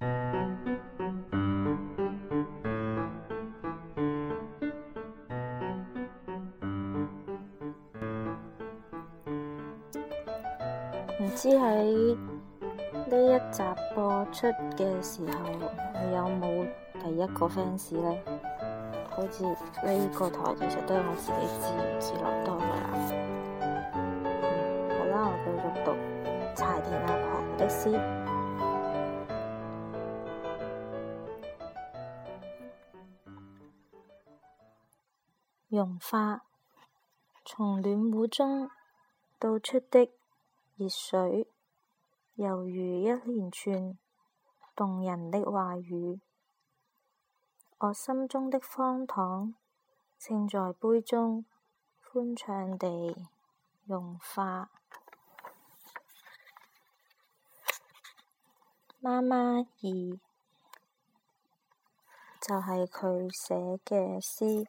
唔知喺呢一集播出嘅時候，有冇第一個 fans 呢？好似呢個台其實都係我自己自娛自樂多噶啦。好啦，我繼續讀柴田阿婆的詩。融化，從暖壺中倒出的熱水，猶如一連串動人的話語。我心中的荒唐，正在杯中歡暢地融化。媽媽二，就係佢寫嘅詩。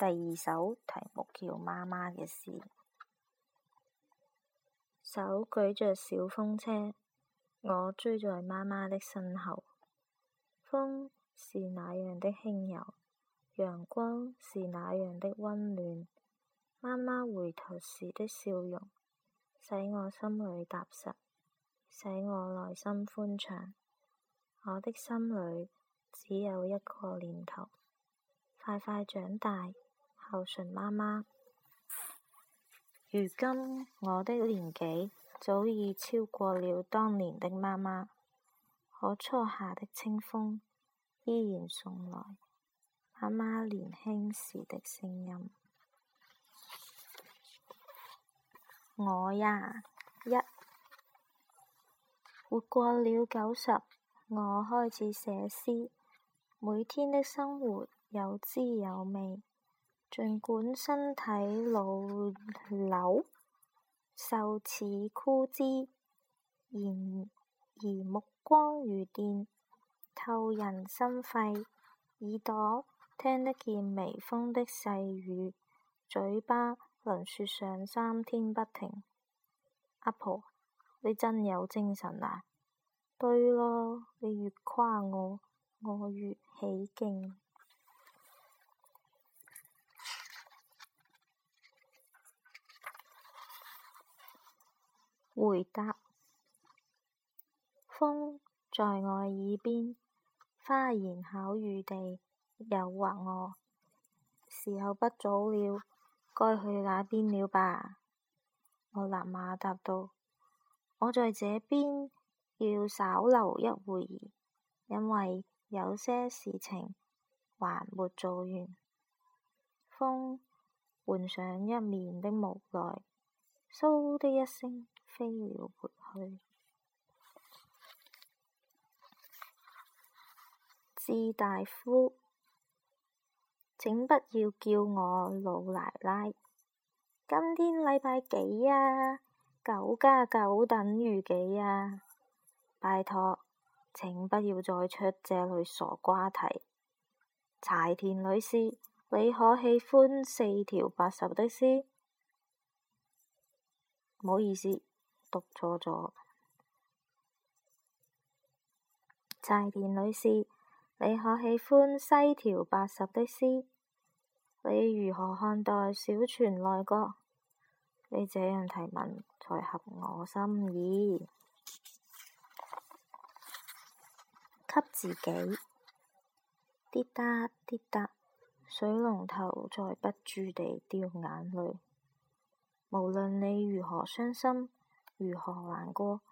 第二首題目叫《媽媽嘅事》，手舉着小風車，我追在媽媽的身後，風是那樣的輕柔，陽光是那樣的溫暖，媽媽回頭時的笑容，使我心裏踏實，使我內心歡暢，我的心裏只有一個念頭：快快長大。孝順媽媽，如今我的年紀早已超過了當年的媽媽，可初夏的清風依然送來媽媽年輕時的聲音。我呀，一活過了九十，我開始寫詩，每天的生活有滋有味。儘管身體老朽，瘦似枯枝，然而，而目光如電，透人心肺；耳朵聽得見微風的細語，嘴巴能說上三天不停。阿婆，你真有精神啊！對咯，你越誇我，我越起勁。回答，風在我耳邊花言巧語地誘惑我。時候不早了，該去那邊了吧？我立馬答道：我在這邊要稍留一會兒，因為有些事情還沒做完。風換上一面的無奈，嗖的一聲。飛了回去。智大夫，請不要叫我老奶奶。今天禮拜幾啊？九加九等於幾啊？拜託，請不要再出這類傻瓜題。柴田女士，你可喜歡四條八十的詩？唔好意思。讀錯咗，柴田女士，你可喜歡西條八十的詩？你如何看待小泉內閣？你這樣提問才合我心意。給自己。滴答滴答，水龍頭在不住地掉眼淚。無論你如何傷心。如何難過，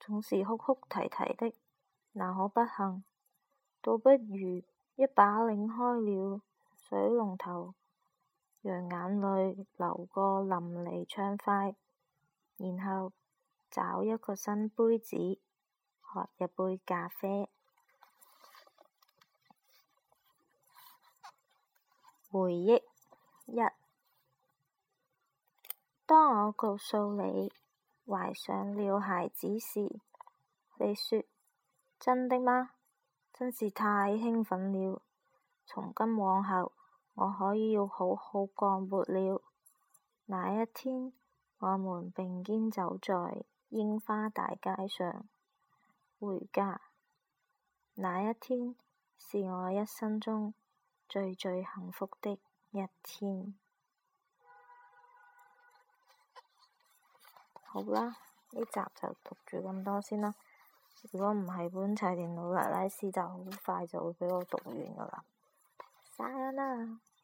總是哭哭啼啼的，那可不行，倒不如一把擰開了水龍頭，讓眼淚流過淋漓暢快，然後找一個新杯子，喝一杯咖啡。回憶一，當我告訴你，懷上了孩子時，你說真的嗎？真是太興奮了！從今往後，我可以要好好幹活了。那一天，我們並肩走在櫻花大街上回家。那一天，是我一生中最最幸福的一天。好啦，呢集就讀住咁多先啦。如果唔係搬齊電腦啦，拉屎就好快就會畀我讀完噶啦。曬啦～